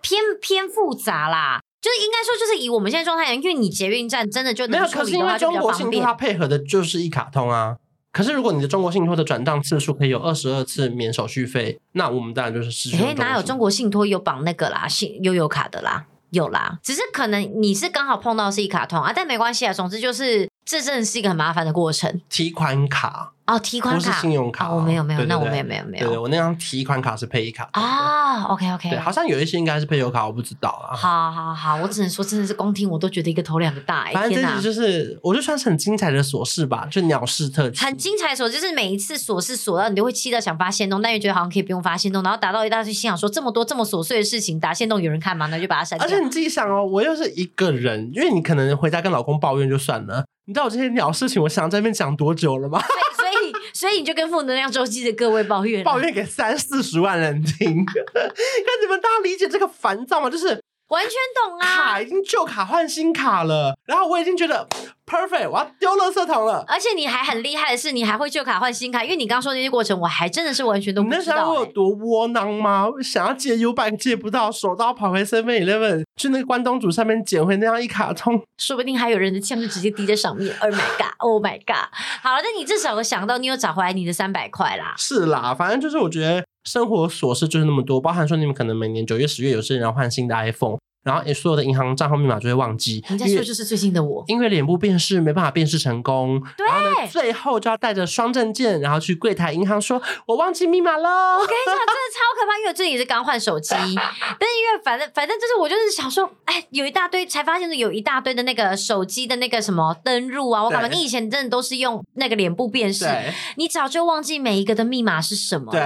偏偏，偏複雜啦。就應該說，就是以我們現在狀態而言，因為你捷運站真的就，能可的就沒有，可是因為中國信託它配合的就是一卡通啊。可是如果你的中國信託的轉賬次數可以有二十二次免手續費，那我們當然就是失去。哎、欸，哪有中國信託有綁那個啦？信悠遊卡的啦，有啦。只是可能你是剛好碰到的是一卡通啊，但沒關係啊。總之就是，這真的是一個很麻煩的過程。提款卡？哦，提款卡，不是信用卡啊。哦沒有沒有對對對，那我沒有沒有沒有，對對，對，我那張提款卡是配一卡通。啊，OK OK，好像有一些應該是配油卡，我不知道啊。好，好，好，我只能說真的是光聽我，我都覺得一個頭兩個大，欸， 反正這就是，我就算是很精彩的瑣事吧，就鳥事特輯。很精彩瑣，就是每一次瑣事瑣到你都會氣到想發限動，但又覺得好像可以不用發限動，然後達到一大堆心想說這麼多這麼瑣碎的事情打限動有人看嗎？那就把它刪掉。而且你自己想哦，喔，我又是一個人，因為你可能回家跟老公抱怨就算了。你知道我這些鳥事情，我想在那邊講多久了嗎？ 所以，所以，所以你就跟負能量週記的各位抱怨，抱怨給三四十萬人聽，看 你們大家理解這個煩躁嗎？就是。完全懂啊！卡已經舊卡換新卡了，然後我已經覺得 perfect，我要丟垃圾桶了。而且你還很厲害的是，你還會舊卡換新卡，因為你剛說的那些過程，我還真的是完全都不知道、欸。你知道我有多窩囊嗎？想要借 U 百借不到，手刀跑回 Seven Eleven，去那個關東煮上面撿回那樣一卡通，說不定還有人的錢就直接滴在上面。Oh my god! Oh my god! 好了，那你至少想到你有找回來你的三百塊啦。是啦，反正就是我覺得。生活瑣事就是那麼多，包含說你們可能每年九月、十月有些人要換新的 iPhone。然後所有的銀行賬號密碼就會忘記，人家說就是最近的我，因為臉部辨識沒辦法辨識成功，對，然後呢，最後就要帶着雙證件，然後去櫃台銀行說，我忘記密碼了。我跟你講，真的超可怕，因為最近也是剛換手機， 但是因為反正反正就是我就是想說，哎，有一大堆才發現的，有一大堆的那個手機的那個什麼登入啊，我感覺你，你以前真的都是用那個臉部辨識，你早就忘記每一個的密碼是什麼，對，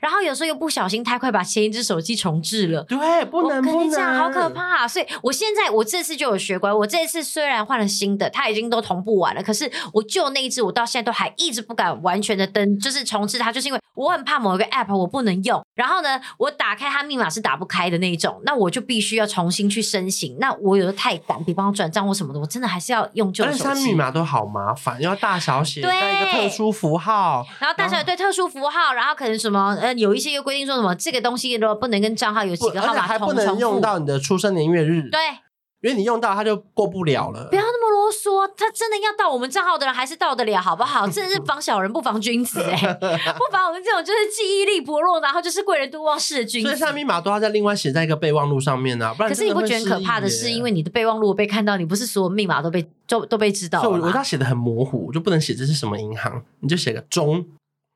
然後有時候又不小心太快把前一隻手機重置了，對，不能不能，跟你講，好可怕。啊！所以我現在我這次就有學乖，我這次雖然換了新的，它已經都同步完了，可是我舊那一隻，我到現在都還一直不敢完全的登，就是重置它，就是因為我很怕某一個 App 我不能用。然後呢，我打開它密碼是打不開的那一種，那我就必須要重新去申請。那我有的太趕，比方轉賬或什麼的，我真的還是要用舊手機。但是它密碼都好麻煩，要大小寫，帶一個特殊符號，然後大小寫，對，特殊符號，然後可能什麼，呃，有一些又規定說什麼這個東西如果不能跟賬號有幾個號碼，不，還不能用到你的出生年月日。對。因為你用到它就過不了了。嗯、不要那麼囉嗦，他真的要盜我們賬號的人還是盜得了，好不好？真的是防小人不防君子哎， 不防我們這種就是記憶力薄弱，然後就是貴人多忘事的君子。所以，他的密碼都要在另外寫在一個備忘錄上面呢、啊。可是你不覺得可怕的是，因為你的備忘錄被看到，你不是所有密碼都被就都被知道。所以，我要寫得很模糊，就不能寫這是什麼銀行，你就寫個中。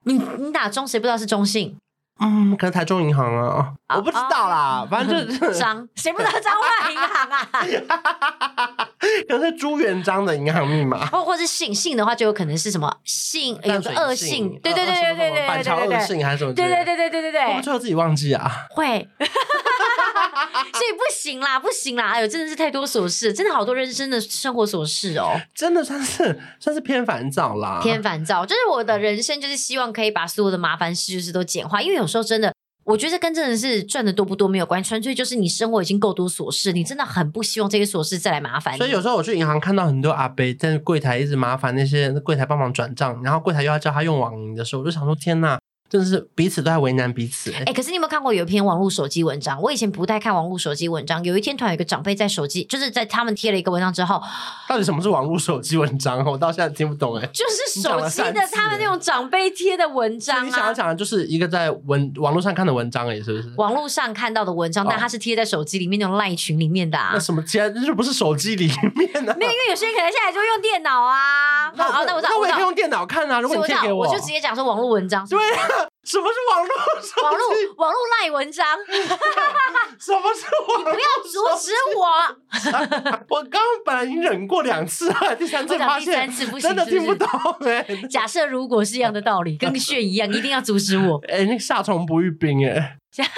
你你打中誰不知道是中信？嗯，可能台中銀行啊，oh, 我不知道啦，oh, oh. 反正就是張誰不知道張萬銀行啊？ 可能是朱元璋的銀行密碼， 或或是姓姓的話，就有可能是什麼姓、欸、有個惡性，對對對對對對對對對，板橋惡性還是什麼，什麼，什麼？對對對對對對對，對，對，我不知道自己忘記啊，會， 所以不行啦，不行啦，哎呦，真的是太多瑣事，真的好多人生的生活瑣事哦、喔，真的算是算是偏煩躁啦，偏煩躁，就是我的人生就是希望可以把所有的麻煩事就是都簡化，因為有。有時候真的，我覺得這跟真的是賺的多不多沒有關係，純粹就是你生活已經夠多瑣事，你真的很不希望這些瑣事再來麻煩你。所以有時候我去銀行看到很多阿伯在櫃台一直麻煩那些那櫃台幫忙轉賬，然後櫃台又要叫他用網銀的時候，我就想說，天吶。真、就、的是彼此都在為難彼此、欸。哎、欸，可是你有沒有看過有一篇網絡手機文章？我以前不太看網絡手機文章。有一天突然有個長輩在手機，就是在他們貼了一個文章之後，到底什麼是網絡手機文章？我到現在聽不懂哎、欸。就是手機的他們那種長輩貼的文章、啊。你想要講的就是一個在文網網絡上看的文章、欸，哎，是不是？網絡上看到的文章，但它是貼在手機裡面那種賴群裡面的。那什麼？既然就不是手機裡面的、啊、那 因為有些人可能現在就會用電腦啊。 好、哦，那我那我也可以用電腦看啊。如果你貼給我，我就直接講說網絡文章。對。 什麼是網絡？網絡網絡賴文章。 什麼是網絡？你不要阻止我！ 啊、我剛本來已經忍過兩次了，第三次，發現第三次不行真的聽不懂、欸、假設如果是一樣的道理， 跟血一樣，一定要阻止我哎、欸！那夏蟲不語冰哎。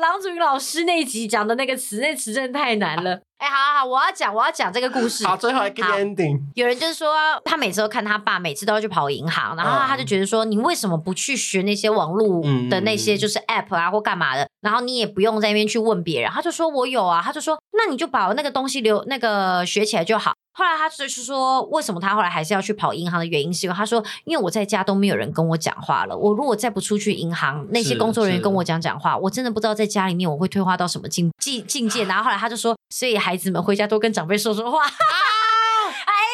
郎主云老師那集講的那個詞，那詞真的太難了。哎、 欸，好，好好，我要講，我要講這個故事。好、 啊，最後一個 ending。有人就是說，他每次都看他爸，每次都要去跑銀行、嗯，然後他就覺得說，你為什麼不去學那些網絡的那些就是 app 啊或幹嘛的、嗯？然後你也不用在那邊去問別人，他就說我有啊，他就說，那你就把那個東西留，那個學起來就好。後來他就是說，為什麼他後來還是要去跑銀行的原因，是因為他說，因為我在家都沒有人跟我講話了。我如果再不出去銀行，那些工作人員跟我講講話，我真的不知道在家裡面我會退化到什麼境境境界。然後後來他就說，所以孩子們回家多跟長輩說說話。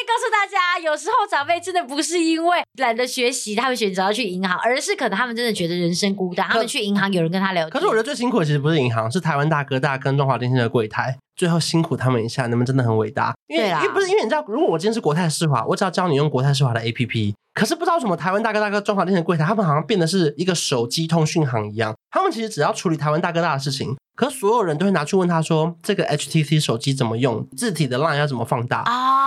告訴大家，有時候長輩真的不是因為懶得學習，他們選擇要去銀行，而是可能他們真的覺得人生孤單，他們去銀行有人跟他聊。可是，我覺得最辛苦的其實不是銀行，是台灣大哥大跟中華電信的櫃檯。最後辛苦他們一下，他們真的很偉大，啊。因為，因為不是因為你知道，如果我今天是國泰世華，我只要教你用國泰世華的 APP。可是，不知道什麼台灣大哥大、中華電信的櫃檯，他們好像變的是一個手機通訊行一樣。他們其實只要處理台灣大哥大的事情，可是所有人都會拿去問他說：“這個 HTC 手機怎麼用？字體的浪要怎麼放大？”哦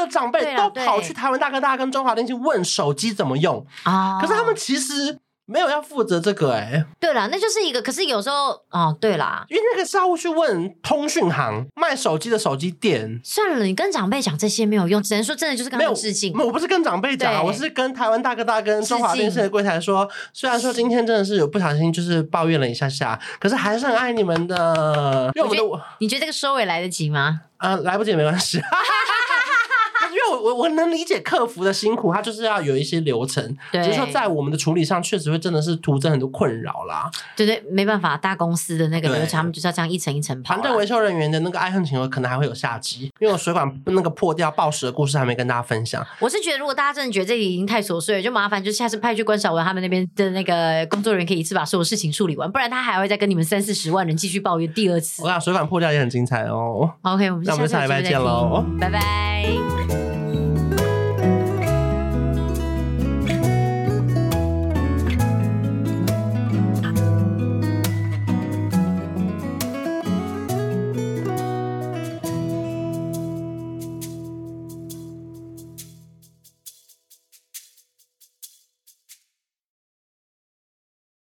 的長輩都跑去台灣大哥大跟中華電信問手機怎麼用啊？可是他們其實沒有要負責這個哎。對了，那就是一個。可是有時候哦，對了，因為那個是要去問通訊行賣手機的手機店算了。你跟長輩講這些沒有用，只能說真的就是跟他們致敬。我不是跟長輩講啊，我是跟台灣大哥大跟中華電信的櫃檯說，雖然說今天真的是有不小心就是抱怨了一下下，可是還是很愛你們的。因為我覺得我你覺得這個收尾來得及嗎？啊，來不及也沒關係。我我能理解客服的辛苦，他就是要有一些流程，就是說在我們的處理上確實會真的是徒增很多困擾啦。對對，沒辦法，大公司的那個流程就是要這樣一層一層。排隊維修人員的那個愛恨情仇可能還會有下集， 因為水管那個破掉爆水的故事還沒跟大家分享。我是覺得如果大家真的覺得這裡已經太瑣碎了，就麻煩就下次派去關韶文他們那邊的那個工作人員，可以一次把所有事情處理完，不然他還會再跟你們三四十萬人繼續抱怨第二次。我講水管破掉也很精彩哦。OK，我們那我們下禮拜見嘍，拜拜。